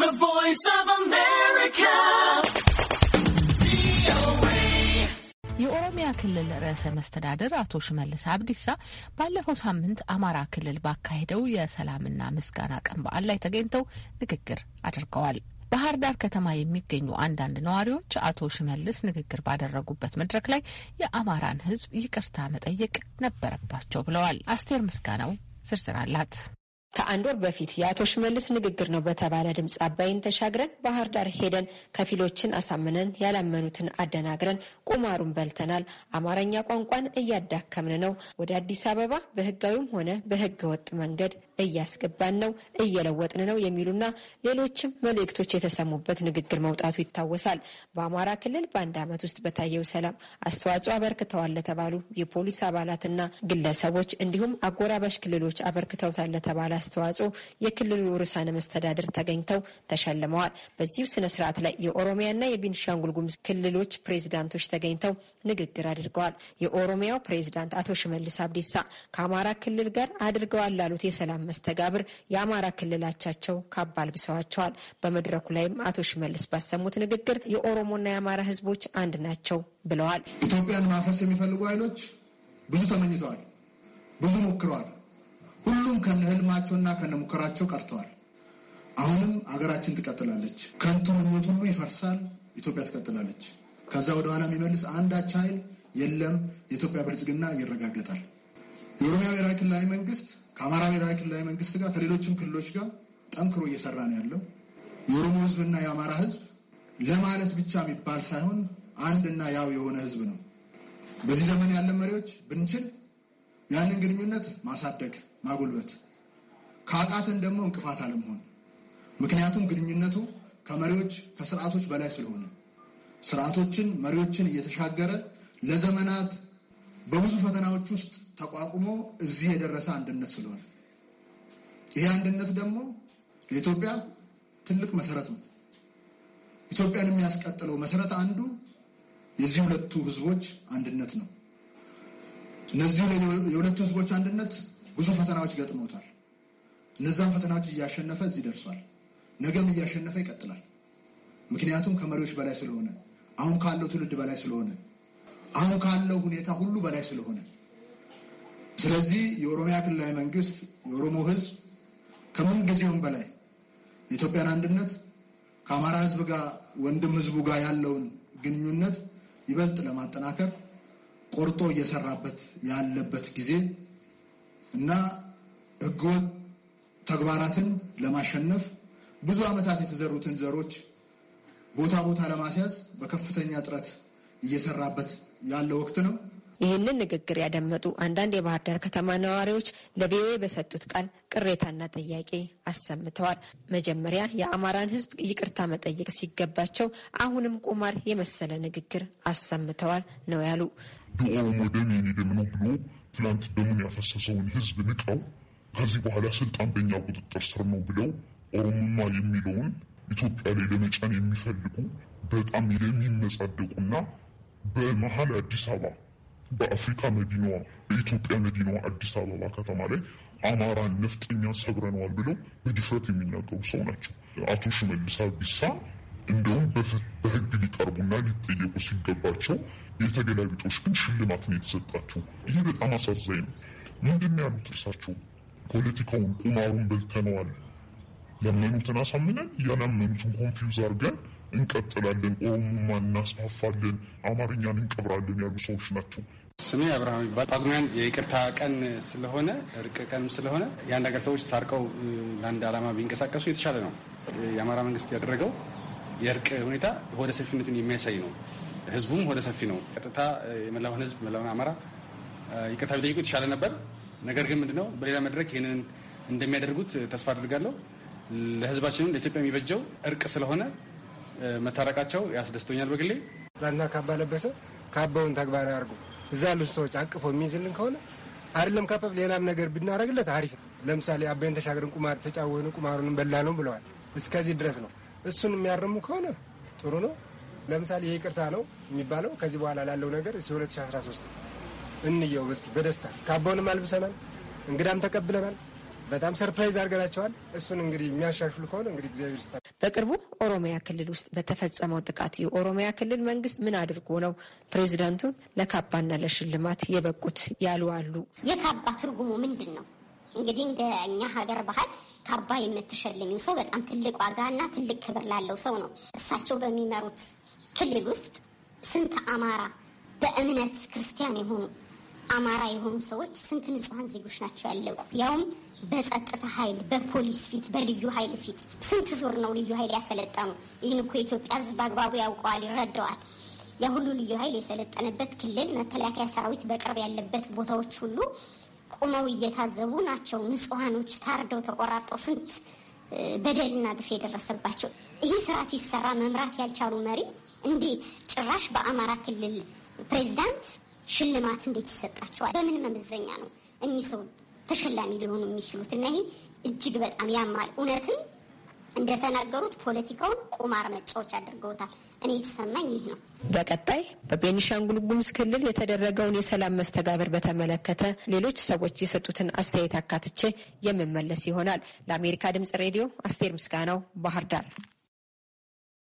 The Voice of America. የኦሮሚያ ክልል ርዕሰ መስተዳደር አቶ ሽመልስ አብዲሳ ባለፈው ሳምንት አማራ ክልል ባካሄደው የሰላምና ምስጋና ቀን በዓል ላይ ተገኝተው ንግግር አድርገዋል። ባህር ዳር ከተማ የሚገኙ አንዳንድ ነዋሪዎች አቶ ሽመልስ ንግግር ባደረጉበት መድረክ ላይ የአማራን ሕዝብ ይቅርታ መጠየቅ ነበረባቸው ብለዋል። አስቴር ምስጋናው ዝርዝር አላት። ከአንድ ወር በፊት የአቶ ሽመልስ ንግግር ነው በተባለ ድምፅ አባይን ተሻግረን ባህር ዳር ሄደን ከፊሎችን አሳምነን ያላመኑትን አደናግረን ቁማሩን በልተናል። አማርኛ ቋንቋን እያዳከምን ነው። ወደ አዲስ አበባ በህጋዊም ሆነ በህገ ወጥ መንገድ እያስገባን ነው፣ እየለወጥን ነው የሚሉና ሌሎችም መልእክቶች የተሰሙበት ንግግር መውጣቱ ይታወሳል። በአማራ ክልል በአንድ ዓመት ውስጥ በታየው ሰላም አስተዋጽኦ አበርክተዋል ለተባሉ የፖሊስ አባላትና ግለሰቦች እንዲሁም አጎራባሽ ክልሎች አበርክተውታል ለተባለ አስተዋጽኦ የክልሉ ርዕሳነ መስተዳድር ተገኝተው ተሸልመዋል። በዚሁ ስነ ስርዓት ላይ የኦሮሚያና የቤንሻንጉል ጉሙዝ ክልሎች ፕሬዚዳንቶች ተገኝተው ንግግር አድርገዋል። የኦሮሚያው ፕሬዚዳንት አቶ ሽመልስ አብዲሳ ከአማራ ክልል ጋር አድርገዋል ላሉት የሰላም መስተጋብር የአማራ ክልላቻቸው ካባ አልብሰዋቸዋል። በመድረኩ ላይም አቶ ሽመልስ ባሰሙት ንግግር የኦሮሞና የአማራ ህዝቦች አንድ ናቸው ብለዋል። ኢትዮጵያን ማፍረስ የሚፈልጉ ኃይሎች ብዙ ተመኝተዋል፣ ብዙ ሞክረዋል። ሁሉም ከነህልማቸውና ከነሙከራቸው ቀርተዋል። አሁንም አገራችን ትቀጥላለች። ከንቱ ምኞት ሁሉ ይፈርሳል። ኢትዮጵያ ትቀጥላለች። ከዛ ወደ ኋላ የሚመልስ አንዳች ኃይል የለም። የኢትዮጵያ ብልጽግና ይረጋገጣል። የኦሮሚያ ብሔራዊ ክልላዊ መንግስት ከአማራ ብሔራዊ ክልላዊ መንግስት ጋር ከሌሎችም ክልሎች ጋር ጠንክሮ እየሰራ ነው ያለው። የኦሮሞ ህዝብና የአማራ ህዝብ ለማለት ብቻ የሚባል ሳይሆን አንድና ያው የሆነ ህዝብ ነው። በዚህ ዘመን ያለን መሪዎች ብንችል ያንን ግንኙነት ማሳደግ ማጎልበት፣ ካቃተን ደግሞ እንቅፋት አለመሆን። ምክንያቱም ግንኙነቱ ከመሪዎች ከስርዓቶች በላይ ስለሆነ ስርዓቶችን መሪዎችን እየተሻገረ ለዘመናት በብዙ ፈተናዎች ውስጥ ተቋቁሞ እዚህ የደረሰ አንድነት ስለሆነ ይህ አንድነት ደግሞ ለኢትዮጵያ ትልቅ መሰረት ነው። ኢትዮጵያን የሚያስቀጥለው መሰረት አንዱ የዚህ ሁለቱ ህዝቦች አንድነት ነው። እነዚህ የሁለቱ ህዝቦች አንድነት ብዙ ፈተናዎች ገጥሞታል። እነዛን ፈተናዎች እያሸነፈ እዚህ ደርሷል። ነገም እያሸነፈ ይቀጥላል። ምክንያቱም ከመሪዎች በላይ ስለሆነ፣ አሁን ካለው ትውልድ በላይ ስለሆነ፣ አሁን ካለው ሁኔታ ሁሉ በላይ ስለሆነ ስለዚህ የኦሮሚያ ክልላዊ መንግስት የኦሮሞ ህዝብ ከምን ጊዜውም በላይ የኢትዮጵያን አንድነት ከአማራ ህዝብ ጋር ወንድም ህዝቡ ጋር ያለውን ግንኙነት ይበልጥ ለማጠናከር ቆርጦ እየሰራበት ያለበት ጊዜ እና ህገወጥ ተግባራትን ለማሸነፍ ብዙ ዓመታት የተዘሩትን ዘሮች ቦታ ቦታ ለማስያዝ በከፍተኛ ጥረት እየሰራበት ያለ ወቅት ነው። ይህንን ንግግር ያደመጡ አንዳንድ የባህር ዳር ከተማ ነዋሪዎች ለቪኦኤ በሰጡት ቃል ቅሬታና ጥያቄ አሰምተዋል። መጀመሪያ የአማራን ህዝብ ይቅርታ መጠየቅ ሲገባቸው አሁንም ቁማር የመሰለ ንግግር አሰምተዋል ነው ያሉ። ትናንት ደሙን ያፈሰሰውን ህዝብ ንቀው ከዚህ በኋላ ስልጣን በእኛ ቁጥጥር ስር ነው ብለው ኦሮሞማ የሚለውን ኢትዮጵያ ላይ ለመጫን የሚፈልጉ በጣም የሚመጻደቁና በመሀል አዲስ አበባ በአፍሪካ መዲናዋ በኢትዮጵያ መዲናዋ አዲስ አበባ ከተማ ላይ አማራን ነፍጠኛ ሰብረነዋል ብለው በድፍረት የሚናገሩ ሰው ናቸው አቶ ሽመልስ አብዲሳ እንደውም በሕግ ሊቀርቡና ሊጠየቁ ሲገባቸው የተገላቢጦች ግን ሽልማት ነው የተሰጣቸው። ይሄ በጣም አሳዛኝ ነው። ምንድን ያሉት እርሳቸው? ፖለቲካውን ቁማሩን በልተነዋል። ያመኑትን አሳምነን ያላመኑትን ኮንፊውዝ አድርገን እንቀጥላለን፣ ኦሮሞማን እናስፋፋለን፣ አማርኛን እንቀብራለን ያሉ ሰዎች ናቸው። ስሜ አብርሃም ይባል። ጳጉሜን የይቅርታ ቀን ስለሆነ እርቅ ቀን ስለሆነ የአንድ ሀገር ሰዎች ሳርቀው ለአንድ ዓላማ ቢንቀሳቀሱ የተሻለ ነው። የአማራ መንግስት ያደረገው የእርቅ ሁኔታ ሆደ ሰፊነቱን የሚያሳይ ነው። ህዝቡም ሆደ ሰፊ ነው። ቀጥታ የመላውን ህዝብ መላውን አማራ ይቅርታ ቢጠይቁ የተሻለ ነበር። ነገር ግን ምንድነው በሌላ መድረክ ይህንን እንደሚያደርጉት ተስፋ አድርጋለሁ። ለህዝባችንም ለኢትዮጵያ የሚበጀው እርቅ ስለሆነ መታረቃቸው ያስደስቶኛል። በግሌ ትናንትና ካባ ለበሰ ካባውን ተግባራዊ አድርጎ እዛ ያሉት ሰዎች አቅፎ የሚይዝልን ከሆነ አይደለም ካባ ሌላም ነገር ብናደርግለት አሪፍ ነው። ለምሳሌ አባይን ተሻገርን ቁማር ተጫወኑ ቁማሩን በላ ነው ብለዋል። እስከዚህ ድረስ ነው። እሱን የሚያርሙ ከሆነ ጥሩ ነው። ለምሳሌ ይሄ ይቅርታ ነው የሚባለው ከዚህ በኋላ ላለው ነገር እ 2013 እንየው በስ በደስታ ካባውንም አልብሰናል፣ እንግዳም ተቀብለናል። በጣም ሰርፕራይዝ አድርገናቸዋል። እሱን እንግዲህ የሚያሻሽሉ ከሆነ እንግዲህ እግዚአብሔር ይስጣል። በቅርቡ ኦሮሚያ ክልል ውስጥ በተፈጸመው ጥቃት የኦሮሚያ ክልል መንግስት ምን አድርጎ ነው ፕሬዚዳንቱን ለካባና ለሽልማት የበቁት ያሉ አሉ። የካባ ትርጉሙ ምንድን ነው? እንግዲህ እንደ እኛ ሀገር ባህል ካባ የምትሸልኙ ሰው በጣም ትልቅ ዋጋ እና ትልቅ ክብር ላለው ሰው ነው። እሳቸው በሚመሩት ክልል ውስጥ ስንት አማራ በእምነት ክርስቲያን የሆኑ አማራ የሆኑ ሰዎች ስንት ንጹሐን ዜጎች ናቸው ያለው ያውም በጸጥታ ኃይል በፖሊስ ፊት በልዩ ኃይል ፊት ስንት ዙር ነው ልዩ ኃይል ያሰለጠኑ? ይህን እኮ የኢትዮጵያ ሕዝብ በአግባቡ ያውቀዋል፣ ይረዳዋል። ያ ሁሉ ልዩ ኃይል የሰለጠነበት ክልል መከላከያ ሰራዊት በቅርብ ያለበት ቦታዎች ሁሉ ቆመው እየታዘቡ ናቸው። ንጹሐኖች ታርደው ተቆራርጠው ስንት በደልና ግፍ የደረሰባቸው ይህ ስራ ሲሰራ መምራት ያልቻሉ መሪ እንዴት ጭራሽ በአማራ ክልል ፕሬዚዳንት ሽልማት እንዴት ይሰጣቸዋል? በምን መመዘኛ ነው እኚህ ሰው ተሸላሚ ሊሆኑ የሚችሉት? እና ይህ እጅግ በጣም ያማል እውነትም እንደተናገሩት ፖለቲካውን ቁማር መጫወች አድርገውታል። እኔ የተሰማኝ ይህ ነው። በቀጣይ በቤኒሻንጉል ጉምዝ ክልል የተደረገውን የሰላም መስተጋብር በተመለከተ ሌሎች ሰዎች የሰጡትን አስተያየት አካትቼ የምመለስ ይሆናል። ለአሜሪካ ድምጽ ሬዲዮ አስቴር ምስጋናው ባህር ዳር